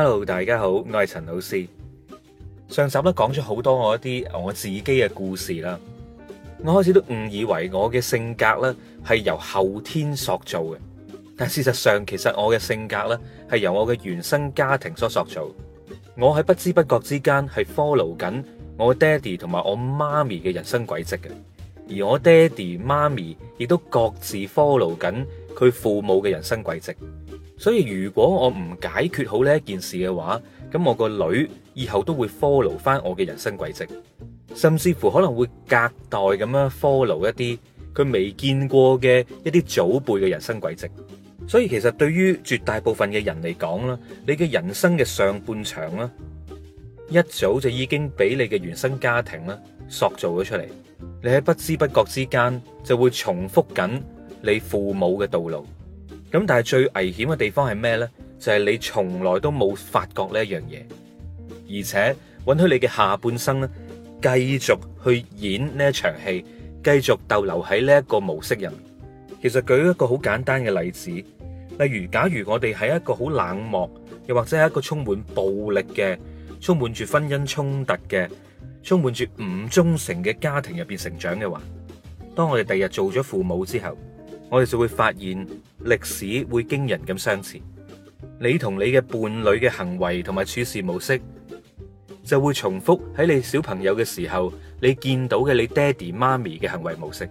Hello，大家好，我係陳老師。上集咧，講咗好多我一啲我自己嘅故事啦。我開始都誤以為我嘅性格咧係由後天塑造嘅，但事實上其實我嘅性格咧係由我嘅原生家庭所塑造。我喺不知不覺之間係 follow 緊我爹哋同埋我媽咪嘅人生軌跡嘅，而我爹哋媽咪亦都各自 follow 緊佢父母嘅人生軌跡。所以如果我唔解決好呢一件事嘅話，咁我個女以後都會 follow 翻我嘅人生軌跡，甚至乎可能會隔代咁樣 follow 一啲佢未見過嘅一啲祖輩嘅人生軌跡。所以其實對於絕大部分嘅人嚟講啦，你嘅人生嘅上半場啦，一早就已經俾你嘅原生家庭啦塑造咗出嚟，你喺不知不覺之間就會重複緊你父母嘅道路。咁但係最危險嘅地方係咩呢？就係你從來都冇發覺呢一樣嘢，而且允許你嘅下半生呢，繼續去演呢一場戲，繼續逗留喺呢一個模式入面。其實舉一個好簡單嘅例子，例如假如我哋係一個好冷漠，又或者係一個充滿暴力嘅，充滿住婚姻衝突嘅，充滿住唔忠誠嘅家庭入邊成長嘅話，當我哋第日做咗父母之後。我哋就會發現歷史會驚人咁相似。你同你嘅伴侶嘅行為同埋處事模式，就會重複喺你小朋友嘅時候，你見到嘅你爹哋媽咪嘅行為模式。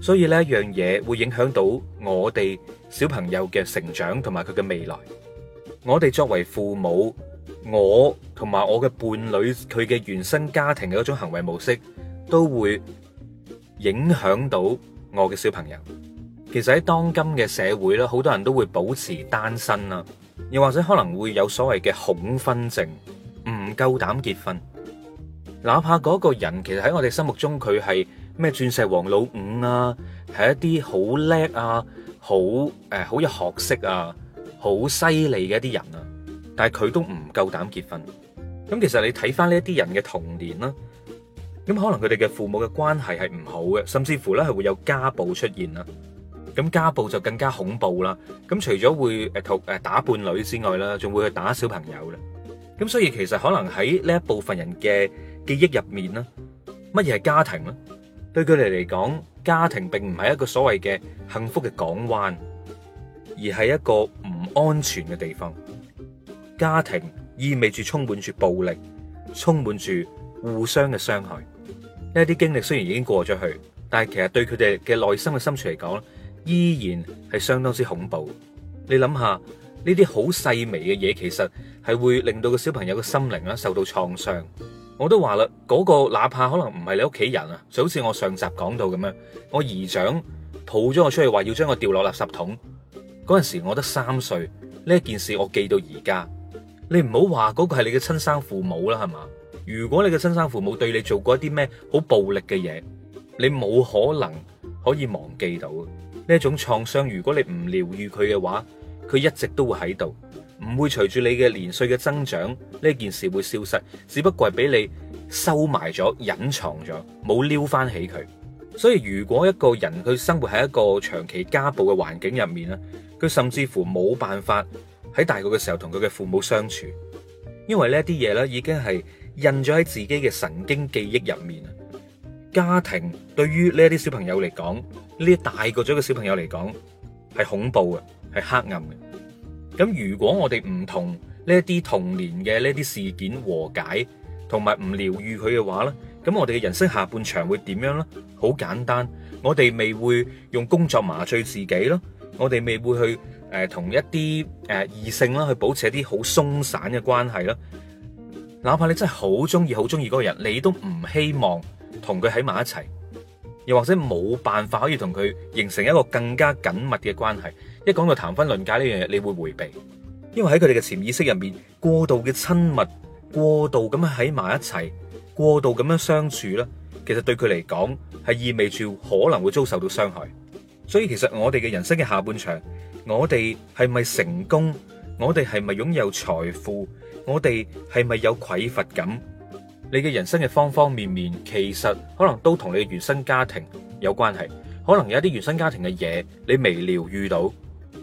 所以呢一樣嘢會影響到我哋小朋友嘅成長同埋佢嘅未來。我哋作為父母，我同埋我嘅伴侶，佢嘅原生家庭嘅一種行為模式，都會影響到我嘅小朋友。其實喺當今嘅社會咧，好多人都會保持單身啊。又或者可能會有所謂嘅恐婚症，唔夠膽結婚。哪怕嗰個人其實喺我哋心目中佢係咩鑽石王老五啊，係一啲好叻啊、好誒好有學識啊、好犀利嘅一啲人啊，但係佢都唔夠膽結婚。咁其實你睇翻呢一啲人嘅童年啦，咁可能佢哋嘅父母嘅關係係唔好嘅，甚至乎咧係會有家暴出現啊。咁家暴就更加恐怖啦。咁除咗會誒，同誒打伴侶之外啦，仲會去打小朋友啦。咁所以其實可能喺呢一部分人嘅記憶入面啦，乜嘢係家庭咧？對佢哋嚟講，家庭並唔係一個所謂嘅幸福嘅港灣，而係一個唔安全嘅地方。家庭意味住充滿住暴力，充滿住互相嘅傷害。呢一啲經歷雖然已經過咗去，但係其實對佢哋嘅內心嘅深處嚟講。依然係相當之恐怖。你諗下，呢啲好細微嘅嘢，其實係會令到個小朋友嘅心靈啊受到創傷。我都話啦，嗰、嗰個哪怕可能唔係你屋企人啊，就好似我上集講到咁樣，我姨丈抱咗我出去，話要將我掉落垃圾桶嗰陣時我，我得三歲。呢件事我記到而家。你唔好話嗰個係你嘅親生父母啦，係嘛？如果你嘅親生父母對你做過一啲咩好暴力嘅嘢，你冇可能可以忘記到。呢一種創傷，如果你唔療愈佢嘅話，佢一直都會喺度，唔會隨住你嘅年歲嘅增長，呢件事會消失，只不過係俾你收埋咗、隱藏咗，冇撩翻起佢。所以如果一個人佢生活喺一個長期家暴嘅環境入面咧，佢甚至乎冇辦法喺大個嘅時候同佢嘅父母相處，因為呢啲嘢咧已經係印咗喺自己嘅神經記憶入面。家庭對於呢一啲小朋友嚟講，呢一大個咗嘅小朋友嚟講係恐怖嘅，係黑暗嘅。咁如果我哋唔同呢一啲童年嘅呢一啲事件和解，同埋唔療愈佢嘅話呢，咁我哋嘅人生下半場會點樣呢？好簡單，我哋未會用工作麻醉自己咯，我哋未會去誒同一啲誒異性啦去保持一啲好鬆散嘅關係啦。哪怕你真係好鍾意、好鍾意嗰個人，你都唔希望，同佢喺埋一齊，又或者冇辦法可以同佢形成一個更加緊密嘅關係。一講到談婚論嫁呢樣嘢，你會回避，因為喺佢哋嘅潛意識入面，過度嘅親密，過度咁樣喺埋一齊，過度咁樣相處啦，其實對佢嚟講係意味住可能會遭受到傷害。所以其實我哋嘅人生嘅下半場，我哋係咪成功？我哋係咪擁有財富？我哋係咪有匱乏感？你嘅人生嘅方方面面，其實可能都同你嘅原生家庭有關係。可能有一啲原生家庭嘅嘢，你未療癒到。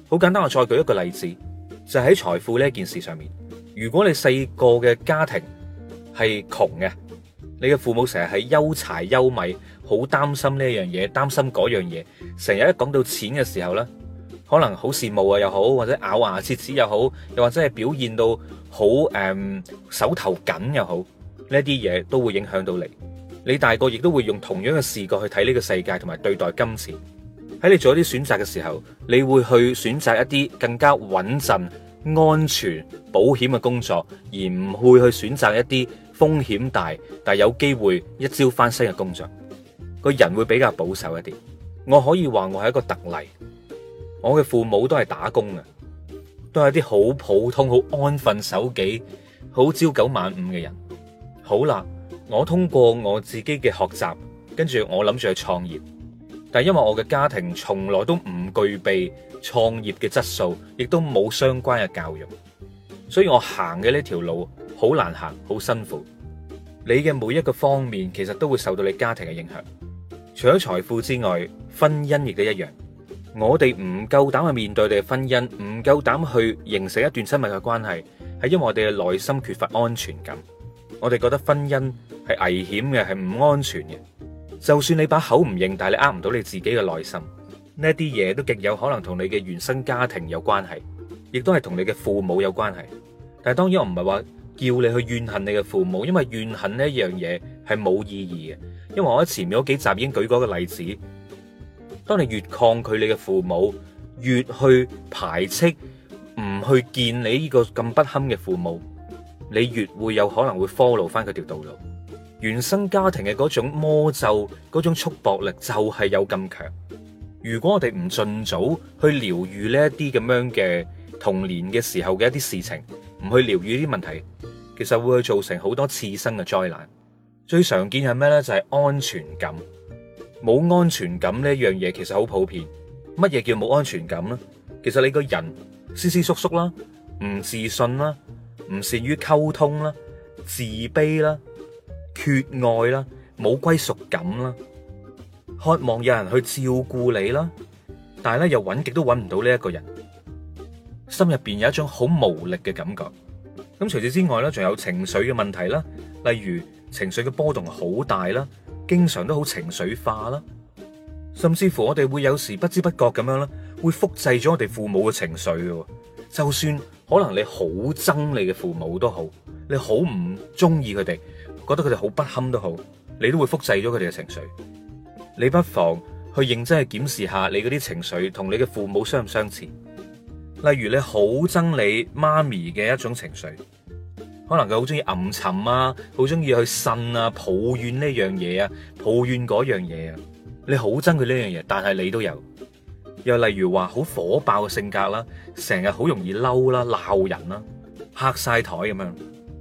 好簡單，我再舉一個例子，就喺財富呢件事上面。如果你細個嘅家庭係窮嘅，你嘅父母成日係憂柴憂米，好擔心呢樣嘢，擔心嗰樣嘢，成日一講到錢嘅時候咧，可能好羨慕啊又好，或者咬牙切齒又好，又或者係表現到好誒、um, 手頭緊又好。呢啲嘢都會影響到你。你大個亦都會用同樣嘅視角去睇呢個世界，同埋對待金錢。喺你做一啲選擇嘅時候，你會去選擇一啲更加穩陣、安全、保險嘅工作，而唔會去選擇一啲風險大但有機會一朝翻身嘅工作。個人會比較保守一啲。我可以話我係一個特例。我嘅父母都係打工嘅，都係啲好普通、好安分守己、好朝九晚五嘅人。好啦，我通過我自己嘅學習，跟住我諗住去創業，但因為我嘅家庭從來都唔具備創業嘅質素，亦都冇相關嘅教育，所以我行嘅呢條路好難行，好辛苦。你嘅每一個方面其實都會受到你家庭嘅影響，除咗財富之外，婚姻亦都一樣。我哋唔夠膽去面對你嘅婚姻，唔夠膽去形成一段親密嘅關係，係因為我哋嘅內心缺乏安全感。我哋覺得婚姻係危險嘅，係唔安全嘅。就算你把口唔認，但係你呃唔到你自己嘅內心。呢啲嘢都極有可能同你嘅原生家庭有關係，亦都係同你嘅父母有關係。但係當然我唔係話叫你去怨恨你嘅父母，因為怨恨呢一樣嘢係冇意義嘅。因為我喺前面嗰幾集已經舉過一個例子，當你越抗拒你嘅父母，越去排斥，唔去見你呢個咁不堪嘅父母。你越會有可能會 follow 翻佢條道路，原生家庭嘅嗰種魔咒，嗰種束縛力就係有咁強。如果我哋唔盡早去療癒呢一啲咁樣嘅童年嘅時候嘅一啲事情，唔去療癒呢啲問題，其實會去造成好多次生嘅災難。最常見係咩呢？就係安全感，冇安全感呢一樣嘢其實好普遍。乜嘢叫冇安全感咧？其實你個人斯斯縮縮啦，唔自信啦。唔善於溝通啦，自卑啦，缺愛啦，冇歸屬感啦，渴望有人去照顧你啦，但係咧又揾極都揾唔到呢一個人，心入邊有一種好無力嘅感覺。咁除此之外咧，仲有情緒嘅問題啦，例如情緒嘅波動好大啦，經常都好情緒化啦，甚至乎我哋會有時不知不覺咁樣啦，會複製咗我哋父母嘅情緒嘅，就算。可能你好憎你嘅父母都好，你好唔中意佢哋，覺得佢哋好不堪都好，你都會複製咗佢哋嘅情緒。你不妨去認真去檢視下你嗰啲情緒同你嘅父母相唔相似。例如你好憎你媽咪嘅一種情緒，可能佢好中意吟沉啊，好中意去呻啊，抱怨呢樣嘢啊，抱怨嗰樣嘢啊。你好憎佢呢樣嘢，但係你都有。又例如話，好火爆嘅性格啦，成日好容易嬲啦、鬧人啦、嚇晒台咁樣。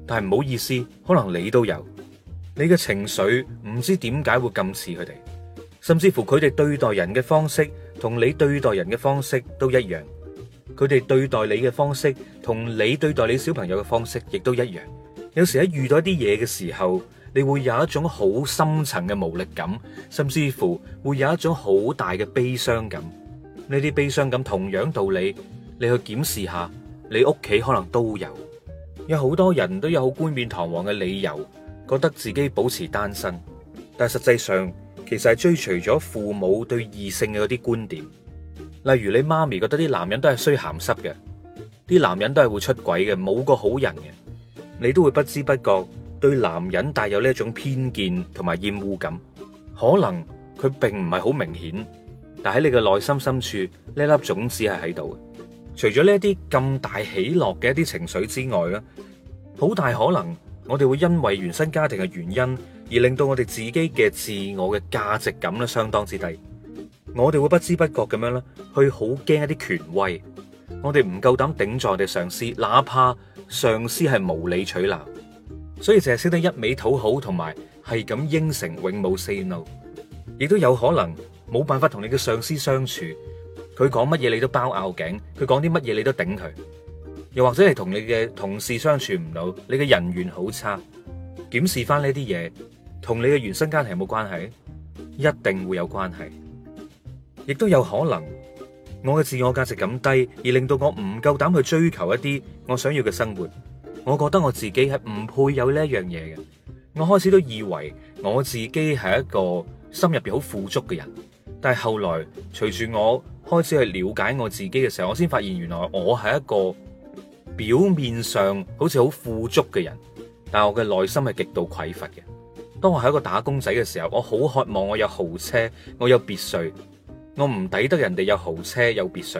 但係唔好意思，可能你都有你嘅情緒，唔知點解會咁似佢哋，甚至乎佢哋對待人嘅方式同你對待人嘅方式都一樣。佢哋對待你嘅方式同你對待你小朋友嘅方式亦都一樣。有時喺遇到一啲嘢嘅時候，你會有一種好深層嘅無力感，甚至乎會有一種好大嘅悲傷感。呢啲悲傷感，同樣道理，你去檢視下，你屋企可能都有，有好多人都有好冠冕堂皇嘅理由，覺得自己保持單身，但係實際上其實係追隨咗父母對異性嘅嗰啲觀點，例如你媽咪覺得啲男人都係衰鹹濕嘅，啲男人都係會出軌嘅，冇個好人嘅，你都會不知不覺對男人帶有呢種偏見同埋厭惡感，可能佢並唔係好明顯。但喺你嘅內心深處，呢粒種，種子係喺度嘅。除咗呢啲咁大喜樂嘅一啲情緒之外咧，好大可能我哋會因為原生家庭嘅原因，而令到我哋自己嘅自我嘅價值感咧相當之低。我哋會不知不覺咁樣咧，去好驚一啲權威，我哋唔夠膽頂撞我哋上司，哪怕上司係無理取鬧。所以淨係識得一味討好同埋係咁應承，永冇 say no，亦都有可能。冇辦法同你嘅上司相處，佢講乜嘢你都包拗頸，佢講啲乜嘢你都頂佢。又或者係同你嘅同事相處唔到，你嘅人緣好差。檢視翻呢啲嘢，同你嘅原生家庭有冇關係？一定會有關係。亦都有可能，我嘅自我價值咁低，而令到我唔夠膽去追求一啲我想要嘅生活。我覺得我自己係唔配有呢一樣嘢嘅。我開始都以為我自己係一個心入邊好富足嘅人。但係後來，隨住我開始去了解我自己嘅時候，我先發現原來我係一個表面上好似好富足嘅人，但係我嘅內心係極度匱乏嘅。當我係一個打工仔嘅時候，我好渴望我有豪車，我有別墅，我唔抵得人哋有豪車有別墅，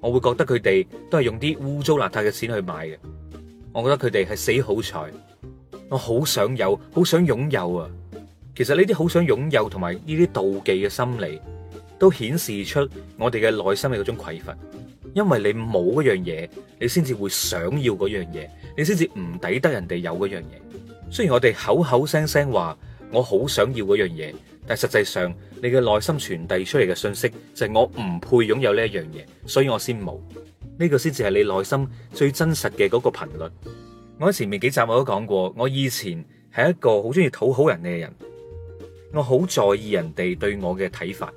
我會覺得佢哋都係用啲污糟邋遢嘅錢去買嘅。我覺得佢哋係死好彩，我好想有，好想擁有啊！其實呢啲好想擁有同埋呢啲妒忌嘅心理，都顯示出我哋嘅內心嘅嗰種匱乏。因為你冇一樣嘢，你先至會想要嗰樣嘢，你先至唔抵得人哋有嗰樣嘢。雖然我哋口口聲聲話我好想要嗰樣嘢，但係實際上你嘅內心傳遞出嚟嘅信息就係我唔配擁有呢一樣嘢，所以我先冇。呢個先至係你內心最真實嘅嗰個頻率。我喺前面幾集我都講過，我以前係一個好中意討好人嘅人。我好在意人哋對我嘅睇法，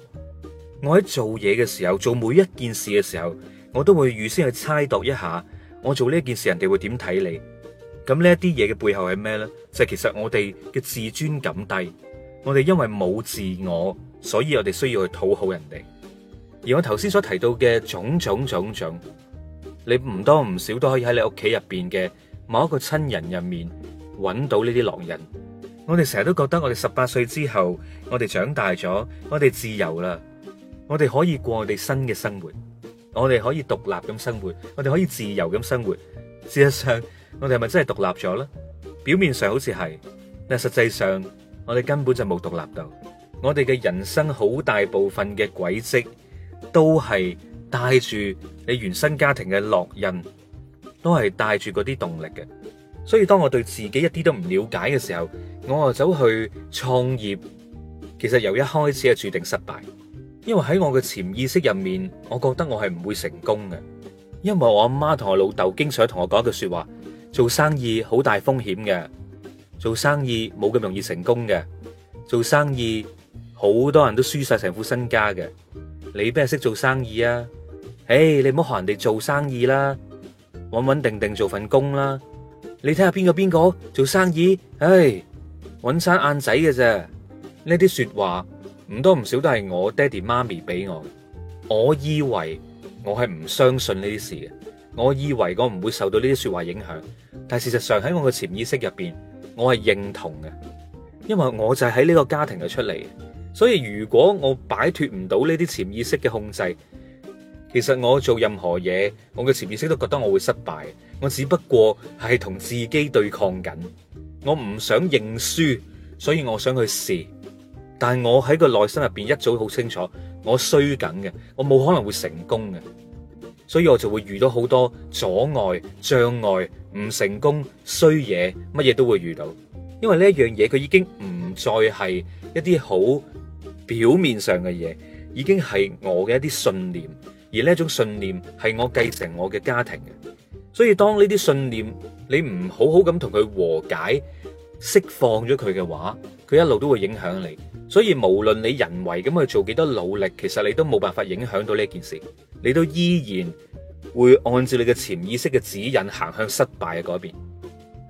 我喺做嘢嘅時候，做每一件事嘅時候，我都會預先去猜度一下，我做呢件事，人哋會點睇你？咁呢一啲嘢嘅背後係咩呢？就係、是、其實我哋嘅自尊感低，我哋因為冇自我，所以我哋需要去討好人哋。而我頭先所提到嘅種種種種，你唔多唔少都可以喺你屋企入邊嘅某一個親人入面揾到呢啲狼人。我哋成日都覺得我哋十八歲之後，我哋長大咗，我哋自由啦，我哋可以過我哋新嘅生活，我哋可以獨立咁生活，我哋可以自由咁生活。事實上，我哋係咪真係獨立咗呢？表面上好似係，但係實際上，我哋根本就冇獨立到。我哋嘅人生好大部分嘅軌跡，都係帶住你原生家庭嘅烙印，都係帶住嗰啲動力嘅。所以當我對自己一啲都唔了解嘅時候，我又走去創業，其實由一開始係注定失敗，因為喺我嘅潛意識入面，我覺得我係唔會成功嘅，因為我阿媽同我老豆經常同我講一句說話：做生意好大風險嘅，做生意冇咁容易成功嘅，做生意好多人都輸晒成副身家嘅，你邊度識做生意啊？誒、hey,，你唔好學人哋做生意啦，穩穩定定做份工啦，你睇下邊個邊個做生意，唉、hey,。揾生眼仔嘅啫。呢啲說話唔多唔少都係我爹哋媽咪俾我嘅。我以為我係唔相信呢啲事嘅，我以為我唔會受到呢啲說話影響。但事實上喺我嘅潛意識入邊，我係認同嘅，因為我就喺呢個家庭度出嚟。所以如果我擺脫唔到呢啲潛意識嘅控制，其實我做任何嘢，我嘅潛意識都覺得我會失敗。我只不過係同自己對抗緊。我唔想認輸，所以我想去試。但我喺個內心入邊一早好清楚，我衰緊嘅，我冇可能會成功嘅，所以我就會遇到好多阻礙、障礙，唔成功、衰嘢，乜嘢都會遇到。因為呢一樣嘢佢已經唔再係一啲好表面上嘅嘢，已經係我嘅一啲信念，而呢一種信念係我繼承我嘅家庭嘅。所以當呢啲信念你唔好好咁同佢和解、釋放咗佢嘅話，佢一路都會影響你。所以無論你人為咁去做幾多努力，其實你都冇辦法影響到呢件事，你都依然會按照你嘅潛意識嘅指引行向失敗嘅嗰邊。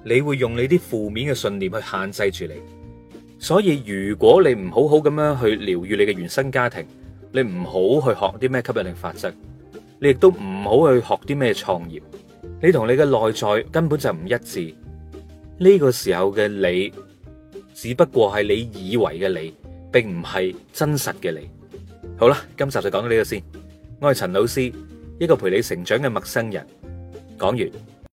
你會用你啲負面嘅信念去限制住你。所以如果你唔好好咁樣去療愈你嘅原生家庭，你唔好去學啲咩吸引力法則，你亦都唔好去學啲咩創業。你同你嘅內在根本就唔一致，呢個時候嘅你只不過係你以為嘅你，並唔係真實嘅你。好啦，今集就講到呢度先。我係陳老師，一個陪你成長嘅陌生人。講完。